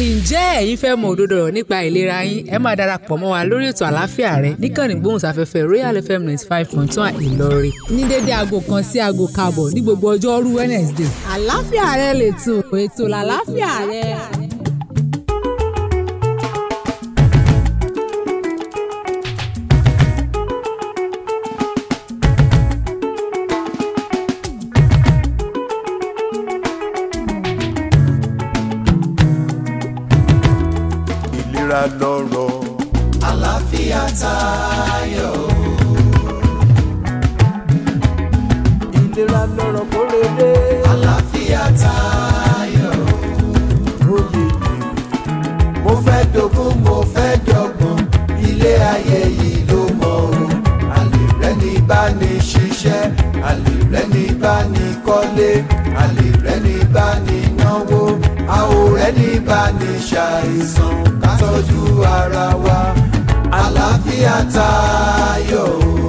ǹjẹ́ ẹ̀yin fẹ́ mọ òdodo ọ̀rọ̀ nípa ìlera yín ẹ máa darapọ̀ mọ́ wa lórí ètò àlàáfíà rẹ níkànnì gbóhùnsáfẹ́fẹ́ Royal FM ninety five point one Ìlọrin ní dédé aago kan sí aago kábọ̀ ní gbogbo ọjọ́rú Wednesday àlàáfíà rẹ lè tún ètò làlàáfíà rẹ. fẹ́ dogun mo fẹ́ dọ́gbọ́n ilé ayé yìí ló mọ̀ o àlè rẹ ní bá ní ṣiṣẹ́ àlè rẹ ní bá ní kọ́lé àlè rẹ ní bá ní náwó àwò rẹ ní bá ní ṣàìsàn ká tọ́jú ara wa àlàáfíà tayọ o.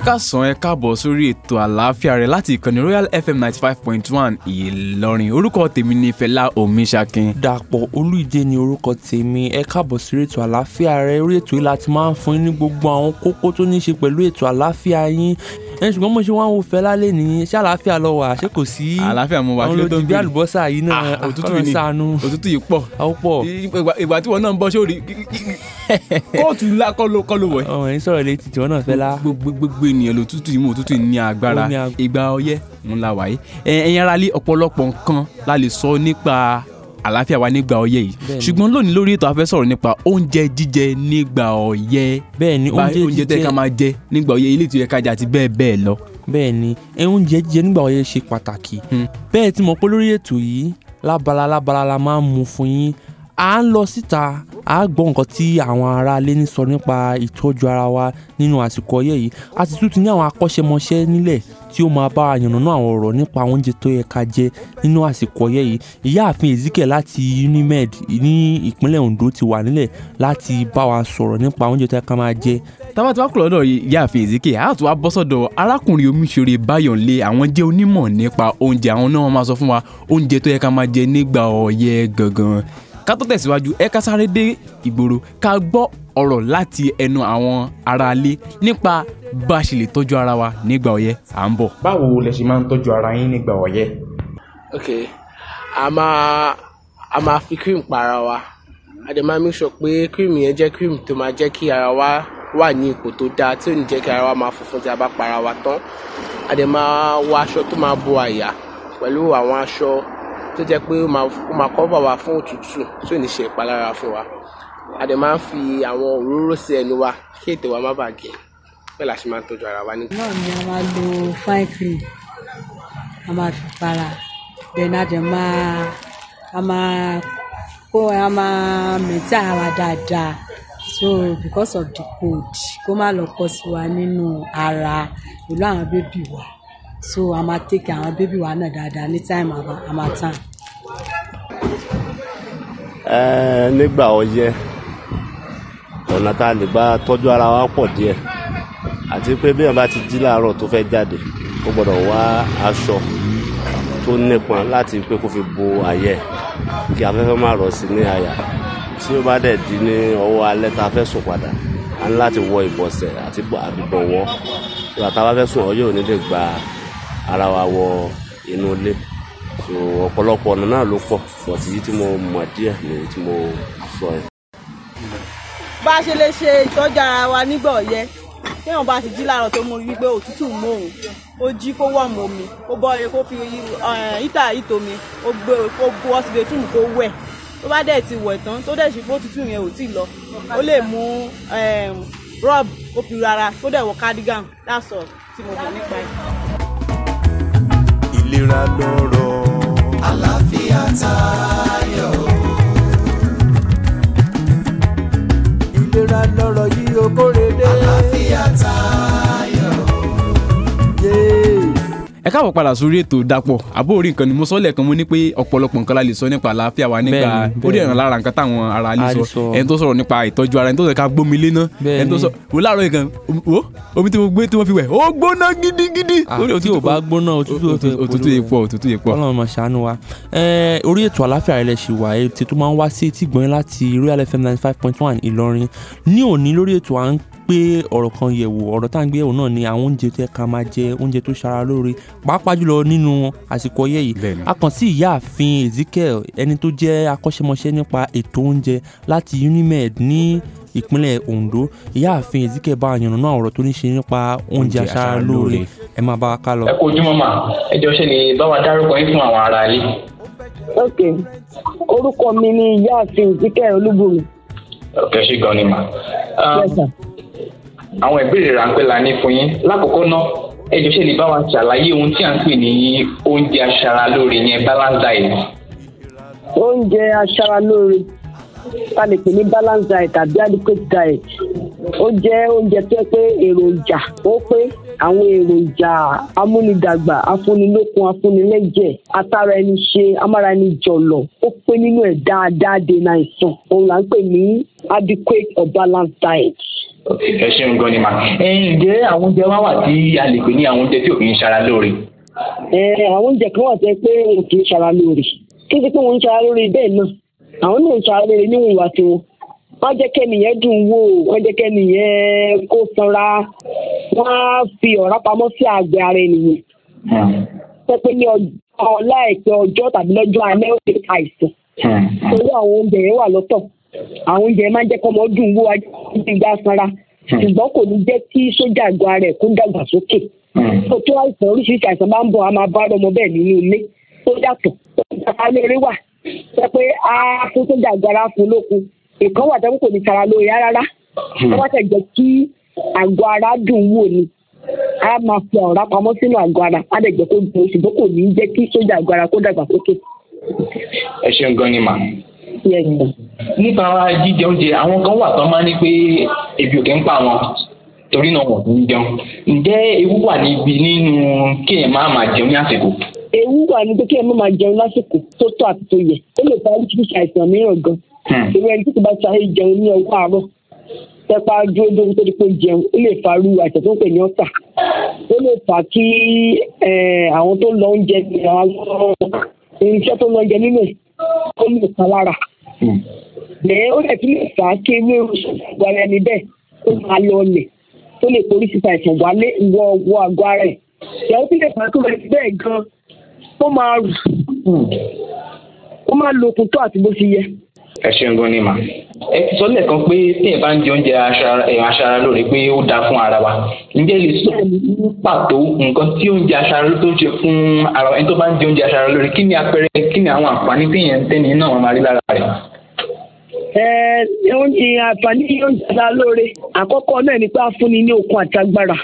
ẹ káàsán ẹ káàbọ̀ sórí ètò àlàáfíà rẹ láti ìkànnì Royal FM ninety five point one Ìlọrin orúkọ tèmi ni Fẹlá Omiṣakin. Dàpọ̀ Olúìdé ni orúkọ tèmi ẹ káàbọ̀ sórí ètò àlàáfíà rẹ orí ètò yìí láti máa ń fún yín ní gbogbo àwọn kókó tó ní í ṣe pẹ̀lú ètò àlàáfíà yín ẹ ṣùgbọ́n mo ṣe wá ń wo Fẹlá lé ní ṣé àlàáfíà lọ wà ṣé kò sí àlàáfíà mo wà kí ló tó ń bí àlùbọ́sà yìí náà ah, òtútù yìí sànú òtútù yìí pọ̀ ó ìgbà tí wọn náà ń bọ́ sórí kóòtù ńlá kọ́ ló wọ̀ ẹ́. ọ̀hún ẹ̀yin sọ̀rọ̀ létí tiwọn náà Fẹlá. gbogbo ènìyàn lòtútù yìí mú òtútù ní agbára ìgbà ọyẹ́ ńlá wáyé ẹ̀yin aráalé ọ̀pọ̀lọpọ̀ nǹkan la lè sọ nípa àlàáfíà wa nígbà ọyẹ́ yìí ṣùgbọ́n lónìí lórí ètò a fẹ́ sọ̀rọ̀ nípa oúnjẹ jíjẹ nígbà ọyẹ́ bẹ́ẹ̀ni oúnjẹ tẹ́ ká máa jẹ nígbà ọyẹ́ ilé ìtura kájà àti bẹ́ẹ̀ bẹ́ẹ̀ lọ. bẹ́ẹ̀ni ẹ oúnjẹ jíjẹ nígbà ọyẹ́ ṣe pàtàkì hmm. bẹ́ẹ̀ tí mo pé lórí ètò yìí lábala lábala la máa ń mu fún yín à ń lọ síta à á gbọ́ nǹkan tí àwọn ará ilé ní sọ nípa ìtọ́jú ara wa nínú àsìkò ọyẹ́ yìí a sì tún ti ní àwọn akọ́ṣẹ́mọṣẹ́ nílẹ̀ tí ó máa bá wa yànnàná àwọn ọ̀rọ̀ nípa oúnjẹ tó yẹ ká jẹ nínú àsìkò ọyẹ́ yìí ìyáàfin Ezekiel láti Unimed ní ìpínlẹ̀ Ondo ti wà nílẹ̀ láti bá wa sọ̀rọ̀ nípa oúnjẹ tó yẹ ká máa jẹ. tábà tí wàá kúrò lọ́dọ̀ ìyáàfin Ezekiel á tún wá bọ́ sọ́dọ̀ arákùnrin omiṣore Báyọ̀nlé àwọn jẹ́ onímọ̀ nípa oúnjẹ àwọn náà máa sọ fún wa oúnjẹ tó yẹ ká máa jẹ nígbà ọyẹ́ gangan ká tó tẹ̀síwájú ẹ ká sáré dé ìgboro ká gbọ́ ọ̀rọ̀ láti ẹnu àwọn aráalé nípa bá a ṣe lè tọ́jú ara wa nígbà ọyẹ́ à ń bọ̀. báwo lẹ ṣe máa ń tọ́jú ara yín nígbà ọyẹ́. ok a máa a máa fi cream pa ara wa a dẹ̀ máa make sure pé cream yẹn jẹ́ cream tó máa jẹ́ kí ara wa wà ní ipò tó dáa tí ò ní jẹ́ kí ara wa máa funfun tí a bá para wa tán a dẹ̀ máa wọ aṣọ tó máa bo àyà pẹ̀lú àwọn aṣọ tó jẹ́ pé ó máa kọ́bà wa fún òtútù tí ò ní ṣe ìpalára fún wa a dẹ̀ máa ń fi àwọn òróró sí ẹnu wa kí ètè wa má bàa gé bẹ́ẹ̀ la ṣe máa ń tọ́jú ara wa ní. náà ni a máa lo fine cream a máa fi para then a dẹ̀ máa a máa kó a máa mẹ́tí ara dáadáa so because of the cold kó má lọ pọ̀ sí wa nínú ara pẹ̀lú àwọn bébì wa. So a máa take care àwọn bébì wa náà dáadáa ní time àmà àmà time. Ẹ nígbà ọyẹ́ ọ̀nà tá a lè gbà tọ́jú ara wa pọ̀ díẹ̀ àti pé bí èèyàn bá ti jí láàárọ̀ tó fẹ́ jáde ó gbọ́dọ̀ wá aṣọ tó nípọn láti pé kó fi bo àyẹ̀ kí afẹ́fẹ́ má rọ̀ sí ní àyà tí ó bá dẹ̀ di ní ọwọ́ alẹ́ tá a fẹ́ sùn padà a ní láti wọ ìbọ̀sẹ̀ àti àbíbọ̀wọ́ ìgbà tá a bá fẹ́ sùn ọyẹ́ ò ní lè gba ara wa wọ inú ilé so ọ̀pọ̀lọpọ̀ ọ̀nà náà ló pọ̀ but tí mo mọ̀ díẹ̀ lèyí tí mo sọ ẹ̀. bá a ṣe lè ṣe ìtọ́jú ara wa nígbà ọ̀yẹ́ téèyàn bá ti jí láàárọ̀ tó mú wípé òtútù mú òun ó jí kó wọ̀ mọ́ mi ó bọ́ ẹ kó fi ìta ìtò mi ó gbé kó wọ́ sí betúmù kó wẹ̀ tó bá dẹ̀ ti wẹ̀ tán tó dẹ̀ sì pé òtútù yẹn ò tí ì lọ ó lè mú eh, rọ́ọ̀bù kó fi rárá kó dẹ̀ wọ cardigan that's all tí mo mọ̀ nípa ẹ̀ ìlera lọ́rọ̀. àlàáfíà tayọ. ìlera lọ́rọ̀ yìí ó kórè dé. àlàáfíà tayọ. ẹ káàbọ̀ padà sórí ètò dapò àbó orí nǹkan ni mo sọ lẹ́ẹ̀kan mo ní pé ọ̀pọ̀lọpọ̀ nǹkan la lè sọ nípa àlàáfíà wa nígbà ó dẹ̀ ràn lára nǹkan táwọn ara lè sọ ẹni tó sọ̀rọ̀ nípa ìtọ́jú ara ẹni tó sọ ká gbómi lé ná ẹni tó sọ wò láàárọ̀ nǹkan o omi tí mo gbé tí wọ́n fi wẹ̀ ó gbóná gidigidi. àti ah, ò bá gbóná òtútù èèpọ̀ òtútù èèpọ̀. Ọlọ́run máa ṣàánú wa eh, orí ètò àlàáfíà rẹ lẹ ṣì wà ètò tó máa ń wá sí etí gbọ̀n láti Royal FM ninety five point one Ìlọrin ní òní lórí ètò à ń gbé ọ̀rọ̀ kan yẹ̀wò ọ̀rọ̀ tá à ń gbé yẹ̀wò náà ni àwọn oúnjẹ tó ká máa jẹ oúnjẹ tó ṣara lóore pàápàá jùlọ nínú àsìkò ọyẹ́ yìí a kàn sí ìyáàfin Ezekiel ẹni tó jẹ́ akọ́ṣẹ́mọṣẹ́ nípa ètò oúnjẹ láti Unimed ní ìpínlẹ̀ Ondo ìyáàfin Ezekiel bá àyànnà ọ̀rọ̀ tó ní ṣe nípa oúnjẹ aṣara lóore ẹ máa bá a ká lọ. ẹ kú ojúmọ́ mà ẹ jọ ṣe ni báwa dárúkọ yín fún àwọn ará ilé. ok orúkọ mi ni ìyáàfin Ezekiel Olúbùnmi. ok ṣé gan ni mà àwọn ìbéèrè ráńpẹ́ la ní fún yín lákòókò náà ẹ jọ̀ọ́ ṣe lè bá wa ṣàlàyé ohun tí à ń pè ní oúnjẹ aṣaralóore yẹn balance diet. oúnjẹ aṣaralóore a lè pè ní balance diet àbí adequate diet ó jẹ́ oúnjẹ tó yẹ pé èròjà ó pé àwọn èròjà amúnidàgbà afúnilókun afúnilẹ́jẹ̀ atara ẹni ṣe amára ẹni jọ̀lọ̀ ó pé nínú ẹ̀ dáadáa dènà àìsàn òun là ń pè ní adequate or balanced diet ẹ ṣeun gan ni mà ǹjẹ́ àwọn oúnjẹ wá wà tí a lè pè ní àwọn oúnjẹ tí ò kì í ṣara lóore. àwọn oúnjẹ kan wà tẹ́ pé wọn kì í ṣara lóore kí n ti pé wọn ń ṣara lóore bẹ́ẹ̀ náà àwọn náà ń ṣara lóore níwọ̀n ìwà tiwọn wọ́n jẹ́ kẹ́nìyẹn dùn wò wọ́n jẹ́ kẹ́nìyẹn kó sanra wọ́n á fi ọ̀rá pamọ́ sí àgbẹ̀ ara ènìyàn sọ hmm. pé ní ọ̀la ẹ̀pẹ́ ọjọ́ tàbí lọ́jọ́ alẹ́ ó àìsàn hmm. torí àwọn oúnjẹ yẹn wà lọ́tọ̀ àwọn oúnjẹ máa ń jẹ́ kọ́mọ dùn wó ajé hmm. ṣùgbọ́n kò ní jẹ́ kí sójà àgbà rẹ̀ kó dàgbà sókè tó hmm. tó àìsàn oríṣiríṣi àìsàn máa ń bọ̀ a ma ọmọ bẹ́ẹ̀ nínú ilé tó yàtọ̀ a fún sójà ara fún ìkan wà tẹ́wọ́n kò ní tara rárá hmm. wọ́n ara dùn wò a máa fi ọ̀rá pamọ́ sínú ara a dẹ̀ jẹ́ kó ara nípa jíjẹ oúnjẹ àwọn kan wà tán máa ń ní pé ebi ò kí ń pa wọn torí náà wọn kò ń jẹun ǹjẹ́ ewu wà níbi nínú kéèyàn máa máa jẹun ní àsìkò ewu wà ní pé kéèyàn má máa jẹun lásìkò tó tó àti tó yẹ ó lè fa oríṣiríṣi àìsàn mìíràn gan ìwé hmm. ẹni tó ti bá sáré jẹun ní ọwọ́ àárọ̀ tẹpa dúró dórí tó di pé jẹun ó lè fa irú àìsàn tó ń pè ní ọ̀tà ó lè fa kí àwọn tó lọ oúnjẹ ní àwọn irinṣẹ́ tó lọ oúnjẹ nínú ẹ̀ ó lè pa lára hmm bẹ́ẹ̀ ó dẹ̀ tún lè fà á kí ewé oṣù àgọ́ ara ẹni bẹ́ẹ̀ ó máa lọ ọlẹ̀ tó lè porí síta ìsàn wálé wọ wọ àgọ́ ara ẹ̀ ìyàwó tún lè fà á kí ewé bẹ́ẹ̀ gan ó máa ó máa lo okun tó àti bó ti yẹ. ẹ ṣeun gan ni mà ẹ ti sọ lẹ́ẹ̀kan pé téèyàn bá ń jẹ oúnjẹ aṣara lóore pé ó dáa fún ara wa ǹjẹ́ lè sọ pàtó nǹkan tí oúnjẹ aṣara tó ń ṣe fún ara ẹni tó bá ń jẹ oúnjẹ aṣara lóore kí ni àpẹẹrẹ kí ni àwọn àǹfààní téèyàn ń tẹ́ni náà máa rí lára rẹ̀. oúnjẹ àǹfààní oúnjẹ ara lóore àkọ́kọ́ náà ni pé a fúnni ní okun àti agbára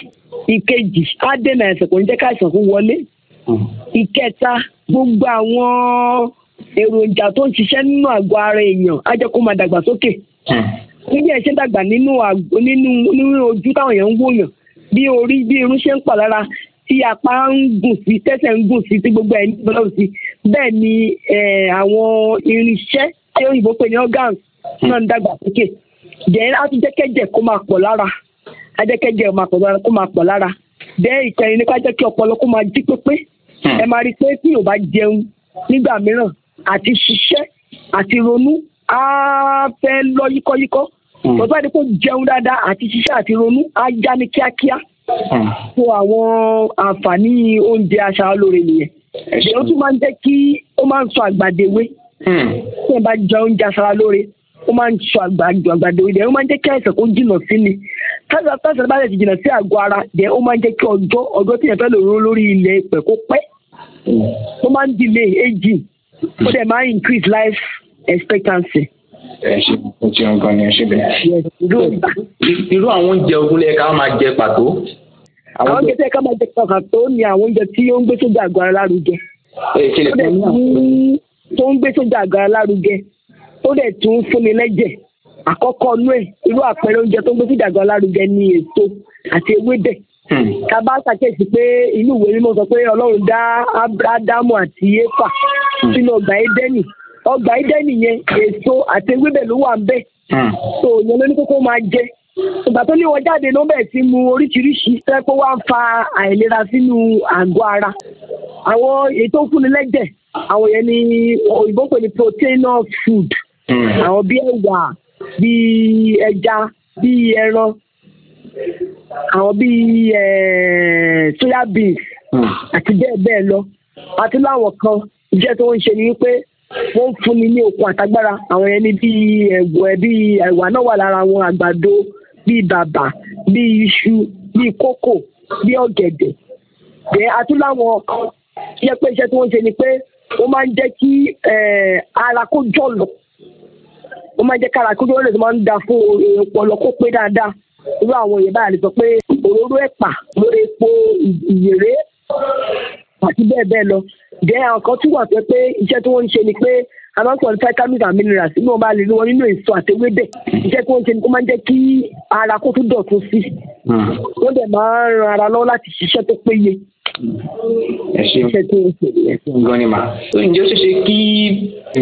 ìkejì á dènà àìsàn kò ní jẹ́ ká àìsàn wọlé ìkẹta gbogbo àwọn èròjà tó ń ṣiṣẹ́ nínú àgọ́ ara èèyàn á jẹ́ kó máa dàgbà sókè dàgbà nínú ojú táwọn èèyàn ń wòyàn bí orí bí irun ṣe ń lára tí apá ń gùn sí ni àwọn irinṣẹ́ tí òyìnbó pè ní náà ń dàgbà sókè then á tún jẹ́ kẹ́jẹ̀ kó máa pọ̀ lára á jẹ́ kẹ́jẹ̀ máa pọ̀ lára kó máa pọ̀ lára then ìkẹyìn ni ká jẹ́ kí ọpọlọ kó máa jí pépé hmm. ẹ máa rí i pé tí yóò bá jẹun nígbà mìíràn àti ṣiṣẹ́ àti ronú á fẹ́ lọ yíkọ́yíkọ́ hmm. bàbá ni kò jẹun dáadáa àti ṣiṣẹ́ àti ronú á já ní kíákíá fún hmm. àwọn àǹfààní oúnjẹ aṣara lóore nìyẹn èyí ó tún máa ń jẹ́ kí ó máa ń sọ àgbàdéwé tí ẹ bá jẹ oúnjẹ aṣara lóore ó máa ń sọ àgbàdo àgbàdo ìdẹ̀ ó máa ń jẹ́ kí àìsàn kó jìnnà sí ni tásán bá lè ti jìnnà sí àgọ́ ara ìdẹ̀ ó máa ń jẹ́ kí ọjọ́ ọjọ́ tí yẹn fẹ́ lò rún lórí ilẹ̀ ìpẹ́ kó pẹ́ ó máa ń delay aging ó dẹ̀ máa ń increase life expectancy. ẹ ṣe kókó tí wọn gan ni ẹ ṣe bẹ. irú àwọn oúnjẹ ogun lẹ́yìn ká máa jẹ pàtó. àwọn oúnjẹ tí ká máa jẹ pàtó ni àwọn oúnjẹ tí ó ń gbé sójà àgọ́ ara lárugẹ. tó ń gbé sójà àgọ́ ara lárugẹ ó dẹ̀ tún fúnni lẹ́jẹ̀ àkọ́kọ́ inú ẹ̀ irú àpẹẹrẹ oúnjẹ tó ń gbé fìdàgbà lárugẹ ní èso àti ewébẹ̀ ká hmm. bá ṣàkíyèsí pé inú ìwé mímọ́ sọ pé ọlọ́run dá ádámù àti éfà hmm. sínú ọgbà édẹ́nì ọgbà édẹ́nì yẹn èso àti ewébẹ̀ ló wà ń bẹ̀ hmm. so ìyẹn ló ní kókó máa jẹ ìgbà tó ní wọn jáde ló bẹ̀rẹ̀ sí mu oríṣiríṣi tẹ́ pé wá ń fa àìlera sínú àgọ́ ara àwọn èyí tó àwọn yẹn ni òyìnbó pè ní protein food. Mm. àwọn bíi ẹ̀wà bíi ẹja bíi ẹran àwọn bíi soya beans mm. àti bẹ́ẹ̀ bẹ́ẹ̀ lọ àti láwọn kan iṣẹ́ tó ń ṣe ni wípé wọ́n ń fúnni ní okun àtagbára àwọn ẹni bíi ẹ̀wọ̀ bíi ẹ̀wà náà wà lára wọn àgbàdo bíi bàbà bíi iṣu bíi kókò bíi ọ̀gẹ̀dẹ̀ bẹ́ẹ̀ àti láwọn kan iṣẹ́ pé iṣẹ́ tó ń ṣe ni pé wọ́n máa ń jẹ́ kí ara kó jọ̀lọ̀ ó máa ń jẹ́ kára kójú ọ̀rẹ́ tó máa ń da fún ọpọlọ kó pé dáadáa irú àwọn èèyàn báyà lè sọ pé òróró ẹ̀pà lórí epo ìyèrè àti bẹ́ẹ̀ bẹ́ẹ̀ lọ jẹ́ àwọn kan tún wà pé pé iṣẹ́ tí wọ́n ń ṣe ni pé a máa ń sọ vitamins and minerals bí wọ́n bá lè rí wọn nínú èso àti ewébẹ̀ iṣẹ́ tí wọ́n ń ṣe ni kó máa ń jẹ́ kí ara kó tún dọ̀tun sí wọ́n dẹ̀ máa ń ran ara lọ́wọ́ láti ṣiṣẹ́ tó péye. ẹ ṣeun ẹ ṣeun gan ni màá. ǹjẹ́ ó ṣeé ṣe kí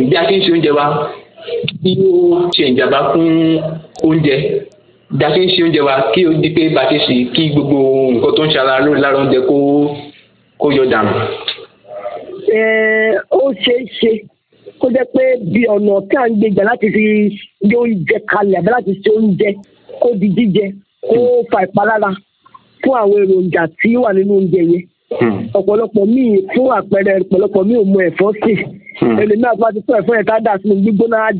bí a ti ń ṣe oúnjẹ wa bí ó ṣe ìjàmbá fún oúnjẹ da ṣe ń ṣe oúnjẹ wa kí ó di pé bá ṣe sì kí gbogbo nǹkan tó ń ṣe ara lórí lára oúnjẹ kó kó yọ dànù. ó ṣeé ṣe kó jẹ́ pé bí ọ̀nà tí à ń gbé gbà láti fi gbé oúnjẹ kalẹ̀ àbí láti ṣe oúnjẹ kó di jíjẹ kó fa ìpalára fún àwọn èròjà tí ó wà nínú oúnjẹ yẹn hmm. ọ̀pọ̀lọpọ̀ míì fún àpẹẹrẹ ọ̀pọ̀lọpọ̀ míì ò mọ ẹ̀fọ́ sí i Hmm. ẹlòmíà tó bá ti fún ẹ̀fọ́ yẹn ká dà sínú gbígbóná á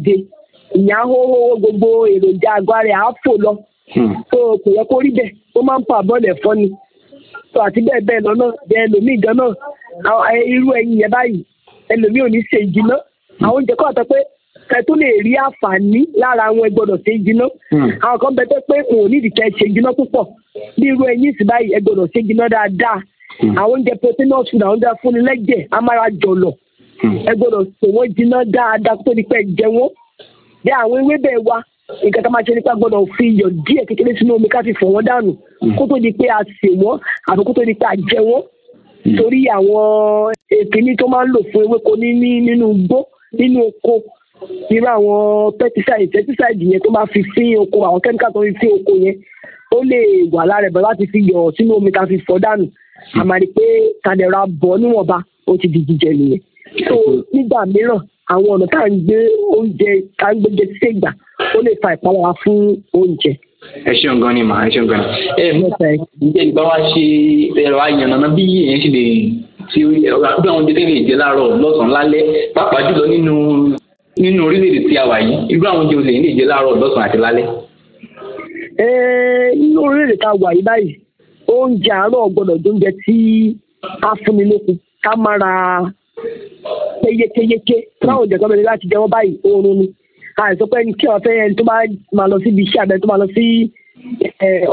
ìyá hóhóhó gbogbo èròjà agbára ẹ̀ lọ tó hmm. kò yẹ kó rí bẹ́ẹ̀ ó máa ń pa bọ́ọ̀lù ẹ̀fọ́ ni tó àti bẹ́ẹ̀ bẹ́ẹ̀ lọ́nà jẹ́ ẹlòmíì gan náà irú ẹyin yẹn báyìí ẹlòmíì ò ní ṣe ìjìnà hmm. àwọn oúnjẹ kọ́ ọ̀tọ́ pé kẹ tó lè rí àǹfààní lára àwọn ẹgbọ́dọ̀ ṣe jiná àwọn kan bẹ tẹ pé n ò ní ìdíkẹ ṣe jiná púpọ̀ bí irú ẹyin sì báyìí ẹgbọ́dọ̀ ṣe jiná dáadáa àwọn oúnjẹ proteinous food àwọn oúnjẹ afúnilẹ́jẹ̀ amára jọ̀lọ̀ Hmm. ẹ gbọ́dọ̀ sè wọ́n jiná dáadáa tó ní pẹ́ jẹ wọ́n bí àwọn ewébẹ̀ wa nǹkan tá a máa ṣe nípa gbọ́dọ̀ fi iyọ̀ díẹ̀ kékeré sínú omi ká fi fọ̀ wọ́n dànù hmm. kó tó di pé a sè wọ́n àti kó tó di pé a jẹ wọ́n hmm. torí àwọn èkìní tó máa ń lò fún ewéko nínú igbó nínú oko irú àwọn pesticide pesticide yẹn tó máa fi fín oko àwọn kẹ́míkà tó fi fín oko yẹn ó lè wà lára ẹ̀bẹ̀ láti fi yọ̀ sínú omi ká fi fọ̀ dànù àmàlí pé tàdẹ̀rà bọ̀ níwọ̀nba ó ti di jíjẹ nìyẹn. so nígbà mìíràn àwọn ọ̀nà tá à ń gbé oúnjẹ tá à ń lè fa ìpalára fún oúnjẹ. ẹ ṣeun gan ni ẹ ṣeun gan ni. ẹ ẹ ǹjẹ́ ìgbà wa ṣe ẹ̀rọ ayànnàná bí èèyàn ṣe lè ti bí àwọn oúnjẹ lè jẹ láàárọ̀ lọ́sàn-án lálẹ́ pàápàá jùlọ nínú nínú orílẹ̀-èdè tí a wà yìí fẹ́ yékéyéké báwọn ìjọba mi láti jẹ wọ́n báyìí oorun ni àìsàn pé kí wọ́n fẹ́ ẹni tó bá máa lọ síbi iṣẹ́ abẹ tó máa lọ sí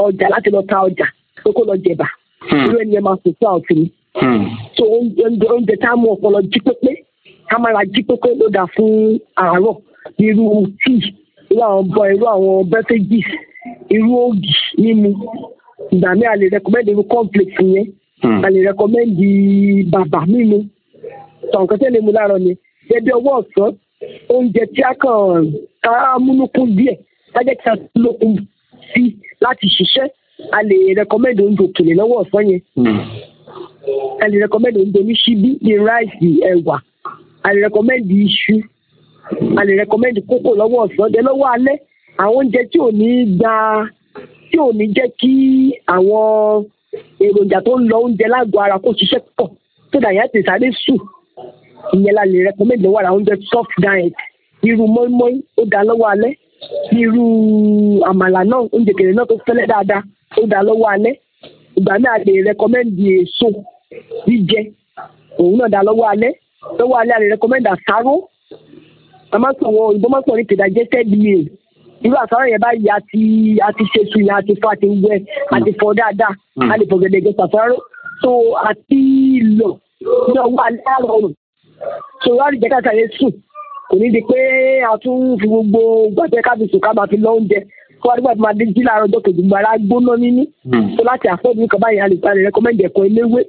ọjà láti lọ ta ọjà pé kó lọ jẹ̀bà hmm. irú ẹni máa sùn fún àwòtí ni. Hmm. so oúnjẹ tá a mú ọpọlọ jí pépé ká máa ra jí pépé ló dà fún àárọ̀ irú tíì irú àwọn bọ irú àwọn beverages irú ògì mímu ìgbà mi a lè recommend irú complex yẹn hmm. a lè recommend bàbà mímu ọ̀tọ̀ nǹkan tẹ́lẹ̀ mu láàárọ̀ ni jẹbi ọwọ́ ọ̀sán oúnjẹ tí a kàn ká múnúkún díẹ̀ tájẹ́ kí a lókun sí láti ṣiṣẹ́ a lè rẹkọmẹ́ndì oúnjẹ òkèlè lọ́wọ́ ọ̀sán yẹn hmm. a lè rẹkọmẹ́ndì oúnjẹ oníṣíbí bíi ráìsì ẹ̀wà a lè rẹkọmẹ́ndì iṣu a lè rẹkọmẹ́ndì kókò lọ́wọ́ ọ̀sán dẹ lọ́wọ́ alẹ́ àwọn oúnjẹ tí ò ní gba tí ò ní jẹ́ kí àwọn èròjà tó ń lọ oúnjẹ lágọ̀ọ́ ara kó ṣiṣẹ́ pọ̀ tó dà yẹn ti sáré sùn ìyẹn la lè recommend lọ́wọ́ àwọn oúnjẹ soft diet irú mọ́ínmọ́ín ó dá lọ́wọ́ alẹ́ irú àmàlà náà oúnjẹ kèrè náà tó fẹ́lẹ́ dáadáa ó dá lọ́wọ́ alẹ́ ìgbà náà lè recommend èso jíjẹ òun náà dá lọ́wọ́ alẹ́ lọ́wọ́ alẹ́ a lè recommend àsáró a máa ń sọ wọn ìbọn máa ń sọ ní digested meal irú àsáró yẹn báyìí a ti a ti ṣe sùn yẹn a ti fọ àti wẹ a fọ dáadáa hmm. a lè fọ gẹ̀dẹ̀ gẹ̀ sàsáró so àti lọ ní ọwọ́ alẹ́ àrọ̀rùn sòwárì jẹ́ káàkiri ayé sùn kò ní di pé a tún fi gbogbo gbàtẹ́ kábíyèsí ká máa fi lọ oúnjẹ kó wá nígbà tí máa dé jí láàárọ̀ ọjọ́ kejì gbàrà gbóná níní hmm. so láti àfọ́ọ̀dù nǹkan báyìí a lè ta lè rẹ́kọ́mẹ́ndì ẹ̀kọ́ eléwé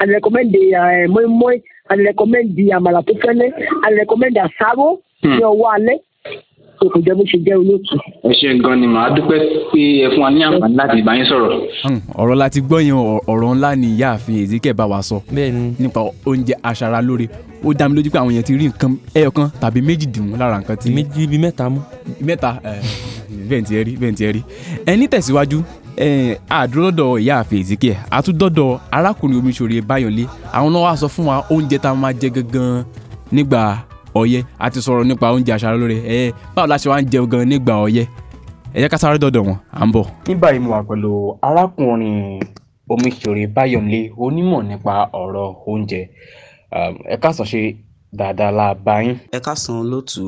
a lè rẹ́kọ́mẹ́ndì eh, mọ́ínmọ́ín a lè rẹ́kọ́mẹ́ndì àmàlà tó fẹ́lẹ́ a lè rẹ́kọ́mẹ́ndì àsáró hmm. ní ọwọ́ alẹ́ tó kò jẹ́ bó ṣe jẹ́ olóòtú. ẹ ṣe gan ni màá dúpẹ́ pé ẹ fún wa ní àǹfààní láti bá sọ̀rọ̀. Hmm, ọ̀rọ̀ láti gbọ́ yẹn ọ̀rọ̀ ńlá ni ìyáàfin Ezike bá wa sọ nípa oúnjẹ aṣaralóore ó dá mi lójú pé àwọn èèyàn ti rí nǹkan ẹyọkan tàbí méjì dìmú lára nǹkan tí. méjì bíi mẹ́ta mú. mẹ́ta bẹ́ẹ̀ ti ẹ rí bẹ́ẹ̀ ti ẹ rí ẹ ní tẹ̀síwájú àdúródọ̀ ìyáàfin Ezike àtúndọ̀dọ̀ arákùnrin omiṣòre Báyọ̀lé àwọn náà wá sọ fún wa oúnjẹ tá a máa jẹ gangan nígbà ọyẹ́ a ti sọ̀rọ̀ nípa oúnjẹ aṣaralóore ẹ báwo la ṣe wá ń jẹun gan nígbà ọyẹ́ ẹ jẹ́ ká sáré dọ̀dọ̀ wọn à ń bọ̀. ní báyìí mo wà pẹ̀lú arákùnrin Omiṣore Báyọ̀mílé onímọ̀ nípa ọ̀rọ̀ oúnjẹ ẹ káàsán ṣe dáadáa la bá yín. ẹ káàsán olóòtú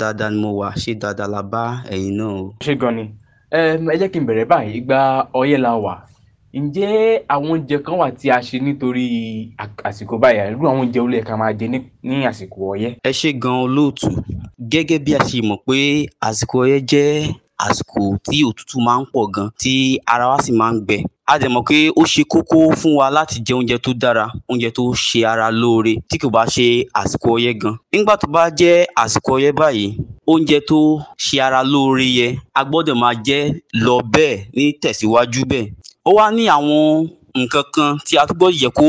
dáadáa ni mo wà ṣe dáadáa la bá ẹ̀yin náà ṣé gan ni ẹ jẹ́ kí n bẹ̀rẹ̀ báyìí ìgbà ọyẹ́ la wà ǹjẹ́ àwọn oúnjẹ kan wà tí a ṣe nítorí àsìkò báyà irú àwọn oúnjẹ olóyè ká máa jẹ ní àsìkò ọyẹ́. ẹ ṣe gan olóòtú gẹ́gẹ́ bí a ṣe mọ̀ pé àsìkò ọyẹ́ jẹ́ àsìkò tí òtútù máa ń pọ̀ gan tí ara wa sì máa ń gbẹ a dẹ̀ mọ̀ pé ó ṣe kókó fún wa láti jẹ oúnjẹ tó dára oúnjẹ tó ṣe ara lóore tí kò bá ṣe àsìkò ọyẹ́ gan nígbà tó bá jẹ́ àsìkò ọyẹ́ báyìí oúnjẹ tó ṣe ara lóore yẹ a gbọ́dọ̀ máa jẹ lọ bẹ́ẹ̀ ní tẹ̀síwájú bẹ́ẹ̀ ó wá ní àwọn nǹkan kan tí a túbọ̀ yẹ kó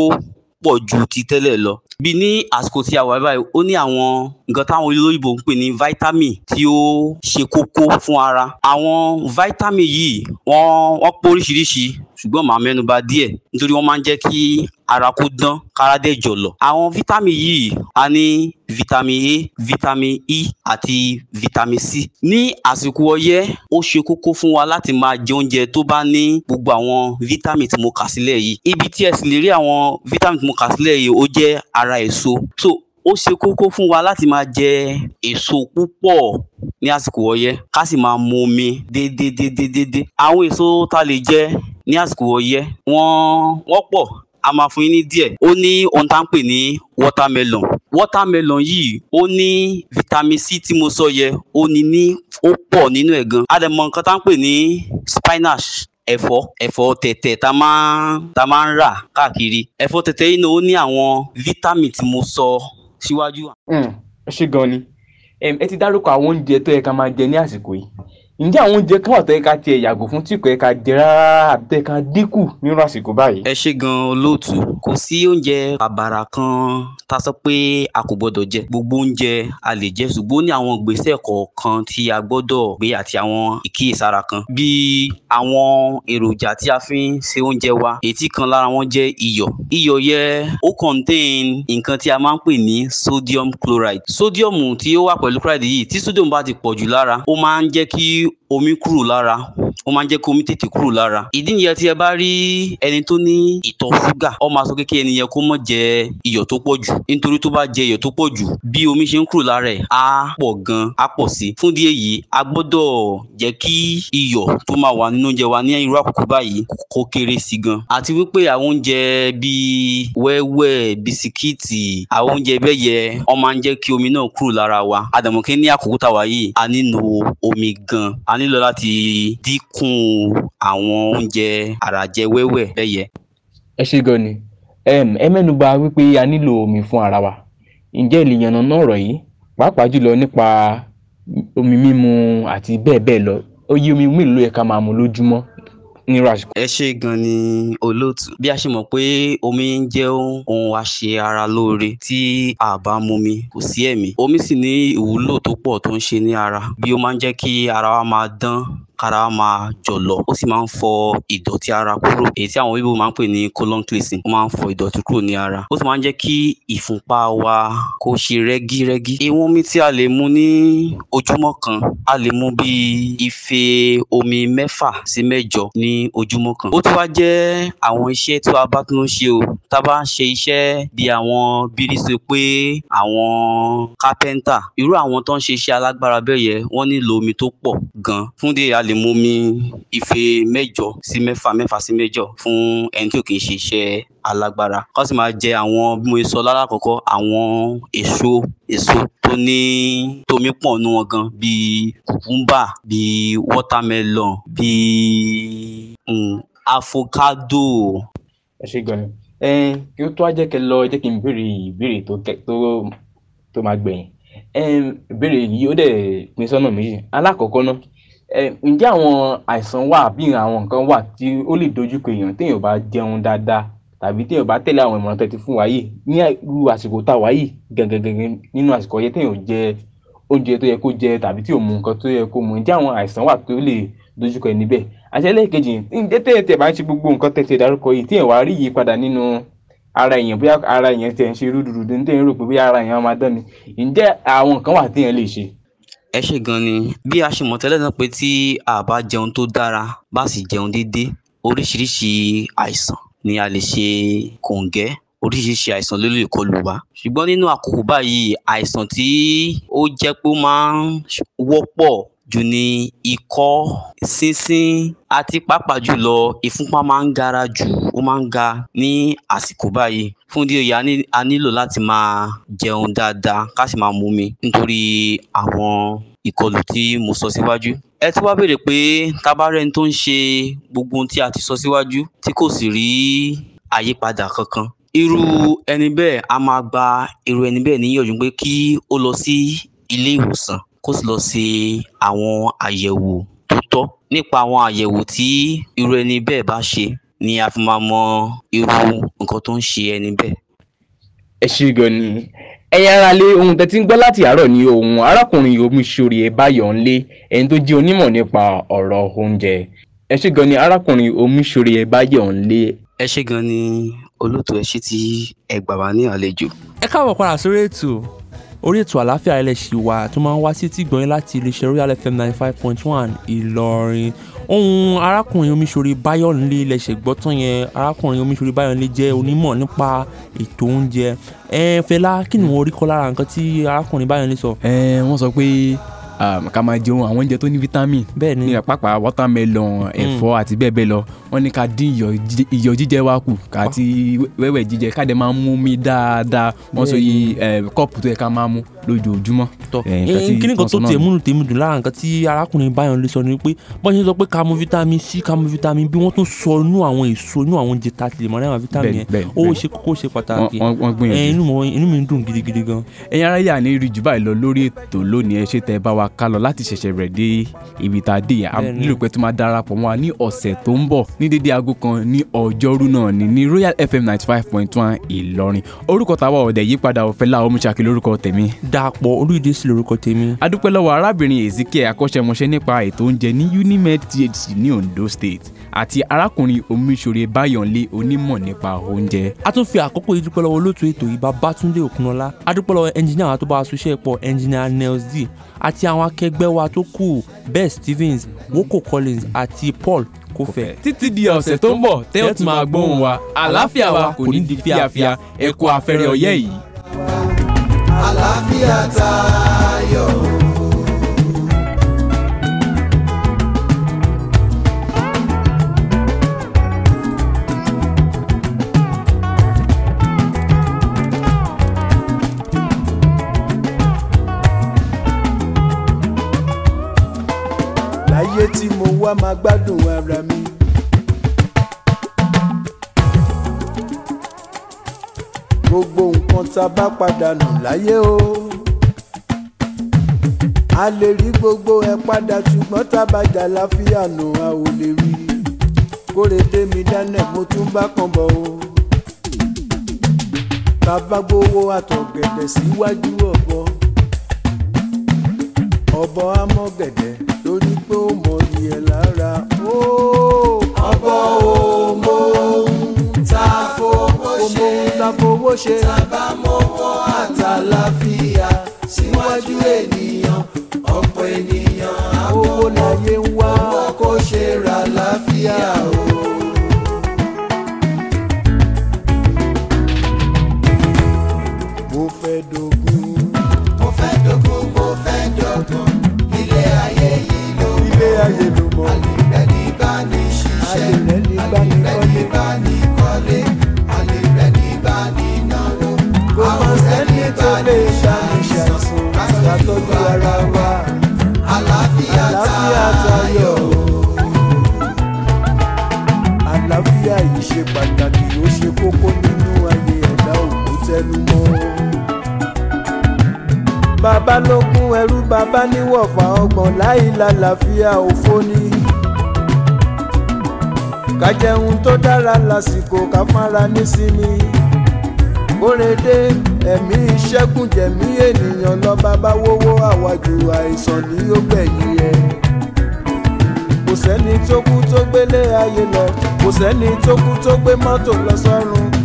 pọ̀ ju ti tẹ́lẹ̀ lọ bí ní àsìkò tí a wà báyìí ó ní àwọn nǹkan táwọn olóyìnbó ń pè ní vitamin tí ó ṣe kókó fún ara àwọn vitamin yìí wọ́n wọ́n pọ̀ oríṣiríṣi ṣùgbọ́n màá mẹ́nuba díẹ̀ nítorí wọ́n máa ń jẹ́ kí ara kó dán kára dẹ̀ jọ̀lọ̀ àwọn vitamin yìí a ní vitamin A, vitamin E àti vitamin C. Ní àsìkò ọyẹ́, ó ṣe kókó fún wa láti máa jẹ oúnjẹ tó bá ní gbogbo àwọn vitamin tí mo kà sílẹ̀ yìí. Ibi tí ẹ sì lè rí àwọn vitamin tí mo kà sílẹ̀ yìí ó jẹ́ ara èso. So ó ṣe kókó fún wa láti máa jẹ èso púpọ̀ ní àsìkò ọyẹ́ ká sì máa mu omi déédéé déédéé déédéé. Àwọn èso ta lè jẹ ní àsìkò ọyẹ́ wọ́n wọ́pọ̀ a máa fún yín ní díẹ̀. Ó ní ohun tá ń pè ní watermelon. Watermelon yìí ó ní vitamin C tí mo sọ yẹ, ó ní ní ó pọ̀ nínú ẹ̀ gan. A dẹ̀ mọ nǹkan tá ń pè ní spinach ẹ̀fọ́ ẹ̀fọ́ tẹ̀tẹ̀ tá máa tá máa ń rà káàkiri. Ẹ̀fọ́ tẹ̀tẹ̀ yìí ni ó ní àwọn vitamin tí mo sọ síwájú. Hmm, ẹ ṣé gan ni, ẹ ti dárúkọ àwọn oúnjẹ tó yẹ ká máa jẹ ní àsìkò yìí ǹjẹ́ àwọn oúnjẹ kan wà tó yẹ ká tiẹ̀ yàgò fún tí kò yẹ ká jẹ rárá àbí tó ká dínkù nínú àsìkò báyìí. ẹ ṣe gan olóòtú kò sí oúnjẹ àbàrà kan tá a sọ pé a kò gbọdọ̀ jẹ gbogbo oúnjẹ a lè jẹ ṣùgbọ́n ní àwọn ìgbésẹ̀ kọ̀ọ̀kan tí a gbọdọ̀ gbé àti àwọn ìkíyèsára kan bí àwọn èròjà tí a fi ń ṣe oúnjẹ wa ètí kan lára wọn jẹ́ iyọ̀ iyọ̀ yẹ ó contain nǹkan tí a máa ń pè ní sodium chloride sodium tí ó wà pẹ̀lú chloride yìí tí sodium bá ti pọ̀ jù lára ó máa ń jẹ́ kí you omi kúrò lára ó máa ń jẹ́ kí omi tètè kúrò lára ìdí nìyẹn tí ẹ bá rí ẹni tó ní ìtọ̀ ṣúgà ó máa sọ pé ẹni yẹn kó mọ̀ jẹ iyọ̀ tó pọ̀ jù nítorí tó bá jẹ iyọ̀ tó pọ̀ jù bí omi ṣe ń kúrò lára ẹ̀ á pọ̀ gan á pọ̀ sí fún díẹ̀ yìí a gbọ́dọ̀ jẹ́ kí iyọ̀ tó máa wà nínú oúnjẹ wa ní irú àkókò báyìí kó kéré sí gan àti wípé àwọn oúnjẹ bíi wẹ́wẹ́ bisikíìtì àwọn oúnjẹ bẹ́ẹ̀ yẹ wa àdàmọ̀kẹ́ ní àkókò táwa yìí a nílò a nílò láti dínkù àwọn oúnjẹ àràjẹ wẹ́wẹ́ bẹ́yẹ. ẹ ṣe gan ni ẹ mẹ́nuba wípé a nílò omi fún ara wa ǹjẹ́ ìlè yànnàná ọ̀rọ̀ yìí pàápàá jùlọ nípa omi mímu àti bẹ́ẹ̀ bẹ́ẹ̀ lọ oye omi mélòó yẹ ká máa mu lójúmọ́ ní rásìkò. ẹ ṣe gan ni olóòtú bí a ṣe mọ̀ pé omi ń jẹ́ ohun àṣe ara lóore tí a bá mu mi kò sí ẹ̀mí omi sì ní ìwúlò tó pọ̀ tó ń ṣe ní ara bí ó máa ń jẹ́ kí ara wa máa dán kára máa jọ̀lọ̀ ó sì máa ń fọ ìdọ̀tí ara kúrò èyí tí àwọn Ìgbò máa ń pè ní colon cleansing ó máa ń fọ ìdọ̀tí kúrò ní ara ó sì máa ń jẹ́ kí ìfúnpá wa kó ṣe rẹ́gírẹ́gí ìwọ̀n omi tí a lè mu ní ojúmọ́ kan a lè mu bíi ife omi mẹ́fà sí mẹ́jọ ní ojúmọ́ kan ó tún wá jẹ́ àwọn iṣẹ́ tí a bá tún ń ṣe o tá a bá ń ṣe iṣẹ́ bí àwọn bírísì pé àwọn kápẹ́ńtà irú àwọn tó ń ṣe iṣẹ́ alágbára bẹ́ẹ̀ yẹn wọ́n nílò omi tó pọ̀ gan fún díẹ̀ a lè mu omi ife mẹ́jọ sí mẹ́fà mẹ́fà sí mẹ́jọ fún ẹni tí ò kì í ṣe iṣẹ́ alágbára kó sì máa jẹ àwọn bí mo sọ lálàkọ́kọ́ àwọn èso èso tó ní tómi pọ̀ nù wọn gan bíi kùkúmbà bíi wọ́támẹ́lọ̀n bíi hmm, afokádò. ẹ ṣe gan ẹ kí ó tó á jẹ́ kẹ lọ jẹ́ kí n béèrè ìbéèrè tó tẹ tó tó máa gbẹ̀yìn ìbéèrè yìí ó dẹ̀ pín sọ́nà méjì alákọ̀ọ́kọ́ náà ǹjẹ́ àwọn àìsàn wà bí àwọn nǹkan wà tí ó lè dojúkọ èèyàn téèyàn bá jẹun dáadáa tàbí téèyàn bá tẹ̀lé àwọn ìmọ̀ràn tẹ́tí fún wa yìí ní irú àsìkò tá a wà yìí gangan nínú àsìkò yẹn téèyàn jẹ oúnjẹ tó yẹ kó jẹ tàbí tí ò mu nǹkan tó yẹ kó mu ǹjẹ́ àwọn àìsàn wà tó lè dojúkọ ẹni bẹ́ẹ̀ àti ẹlẹ́ẹ̀kejì ǹjẹ́ téèyàn tẹ̀ bá ń ṣe gbogbo nǹkan tẹ̀tẹ̀ dárúkọ yìí téèyàn wá rí yìí padà nínú ara èèyàn bóyá ara èèyàn tẹ̀ ń ṣe rúdurùdu ní téèyàn rò pé bóyá ara èèyàn máa dán ni ǹjẹ́ àwọn nǹkan wà téèyàn lè ṣe Ẹ ṣé gan ni. Bí a ṣe mọ̀ tẹ́lẹ̀ náà pé tí a bá jẹun tó dára, bá sì jẹun déédé, oríṣiríṣi àìsàn ni a lè ṣe kòǹgẹ́, oríṣiríṣi àìsàn ló lè kọlù wá. Ṣùgbọ́n nínú àkókò báyìí, àìsàn tí ó jẹ́ pé ó máa ń wọ́pọ̀ jù ni ikọ́, sínsín àti pàápàá jùlọ ìfúnpá máa ń gara jù, ó máa ń ga ní àsìkò báyìí. Fún ìdí èyí, a, ní, a nílò láti máa jẹun dáadáa ká sì máa mu omi nítorí àwọn ìkọlù tí mo sọ síwájú. Ẹ tún wá béèrè pé tá a bá tó ń ṣe gbogbo ohun tí a ti sọ síwájú tí kò sì rí àyípadà kankan, irú ẹni bẹ́ẹ̀ a máa gba irú ẹni bẹ́ẹ̀ níyànjú pé kí ó lọ sí ilé ìwòsàn kó sì lọ ṣe àwọn àyẹ̀wò tó tọ́ nípa àwọn àyẹ̀wò tí irú ẹni bẹ́ẹ̀ bá ṣe ni a fi máa mọ irú nǹkan tó ń ṣe ẹni bẹ́ẹ̀. ẹ ṣe gan ni ẹ̀yin ara lé ohun tẹ́ ti ń gbọ́ láti àárọ̀ ní ohun arákùnrin Omiṣore Báyọ̀nlé ẹni tó jẹ́ onímọ̀ nípa ọ̀rọ̀ oúnjẹ ẹ ṣe gan ni arákùnrin Omiṣore Báyọ̀nlé. ẹ ṣe gan ni olóòtú ẹ ṣe ti ẹgbàá wa ní àlejò. ẹ káàbọ̀ padà sórí ètò orí ètò àlàáfíà ilẹ̀ ṣì wà tó máa ń wá sí tìgbọ̀nyìn láti iléeṣẹ́ Royal FM ninety five point one Ìlọrin ohun arákùnrin omiṣore Báyọ̀nlé lẹ́sẹ̀ gbọ́ tán yẹn arákùnrin omiṣore Báyọ̀nlé jẹ́ onímọ̀ nípa ètò oúnjẹ ẹ Fẹlá kí ni wọ́n hmm. rí kọ́ lára nǹkan tí arákùnrin Báyọ̀nlé sọ. ẹ wọ́n sọ pé Um, ká máa jẹun àwọn oúnjẹ tó ní vitamin bẹ́ẹ̀ni ní pàápàá watermelon mm. ẹ̀fọ́ àti bẹ́ẹ̀ bẹ́ẹ̀ lọ wọ́n ní ká dín iyọ̀ jíjẹ wa kù ká ti wẹ́wẹ́ jíjẹ ká dẹ̀ máa mú mi dáadáa wọ́n sọ yí um, kọ́ọ̀pù tó yẹ ká máa mú lójoojúmọ́. tọ eh, eh, kí ni nǹkan tó tiẹ̀ múnú tèmi dùn lára nǹkan tí arákùnrin Báyọ̀lé sọ ni pé bọ́n ṣe sọ pé ká mú vitamin C ká mú vitamin B wọ́n tún sọ inú àwọn èso inú àwọn oúnjẹ tá a ti lè mọ̀ náà vitamin yẹn ó ṣe kókó ṣe pàtàkì eh, inú mi dùn gidigidi gan. ẹ̀yin aráyà ní rí jù báyìí lọ lórí ètò lónìí ẹ ṣé tẹ́ bá wa wa ká lọ láti ṣẹ̀ṣẹ̀ rẹ̀ dé ibi tá a dé yà nílò pé tó máa darapọ̀ mọ́ wa ní ọ̀sẹ̀ tó ń bọ̀ ní dédé aago kan ní ọjọ́rú náà ni ní Royal FM ninety five point one Ìlọrin orúkọ tàwa ọ̀dẹ̀ yípadà Ọ̀fẹ́lá Omúṣakí lórúkọ tèmi. Dàpọ̀ Olúyèdè sí lórúkọ tèmi. adúpẹ́ lọ́wọ́ arábìnrin Ezekiel akọ́ṣẹ́mọṣẹ́ nípa ètò oúnjẹ ní Unimed THC ní Ondo State àti arákùnrin Omíṣore Báyọ̀nlé onímọ̀ nípa oúnjẹ. a tún fi àkókò yìí dúpẹ́ lọ́wọ́ olóòtú ètò ìbá Bátúndé Òkunọlá adúpẹ́ lọ́wọ́ ẹnjìníà àwọn tó bá aṣoṣẹ́ pọ̀ ẹnjìníà Nels D àti àwọn àwọn akẹgbẹ́ wa tó kù beth stevens woko collins àti paul kofẹ. títí di ọ̀sẹ̀ tó ń bọ̀ tẹ́ ò máa gbóhùn wa àlàáfíà wa kò ní di fíafíà ẹ kú afẹ́rẹ́ yìí. àlàáfíà tayọ. wá máa gbádùn ara mi. gbogbo nǹkan tá a bá padà nù láyé o a lè rí gbogbo ẹ padà ṣùgbọ́n tá a bá jà láfíà nù a ò lè rí kóre tèmi dáná mo tún bá kàn bọ̀ o bàbá gbowó àtọ̀gẹ̀dẹ̀ síwájú ọ̀bọ ọ̀bọ amọ̀gẹ̀dẹ̀ torí pé ó mọ iye lára ó. ọbọ òmò ń ta fowó ṣe òmò ń ta fowó ṣe tàbá mọ́wọ́ àtàlàfíà síwájú ènìyàn ọ̀pọ̀ ènìyàn àbọ̀ owó kò ṣe ra láfíà o. ayé ló mọ̀. Àlè rẹ̀ ní bá ní ṣiṣẹ́. Àlè rẹ̀ ní bá ní kọ́lé. Àlè rẹ̀ ní bá ní náwó. Kò mọ sẹ́ni tó lè ṣàìsàn látọ́jú ara wa. Àlàáfíà tayọ. Àlàáfíà yìí ṣe pàtàkì ó ṣe kókó ní. bàbá lógún ẹrú bàbá níwọ̀fà ọgbọ̀n láì lálàáfíà òfó ni. ká jẹun tó dára lásìkò ká fara nísinmi. kórede ẹ̀mí ìṣẹ́gun jẹ̀mí ènìyàn lọ bàbá wówó àwàjù àìsàn ní ó gbẹ̀yìn ẹ̀. kò sẹ́ni tó kú tó gbélé ayé lọ kò sẹ́ni tó kú tó gbé mọ́tò lọ sọ́run.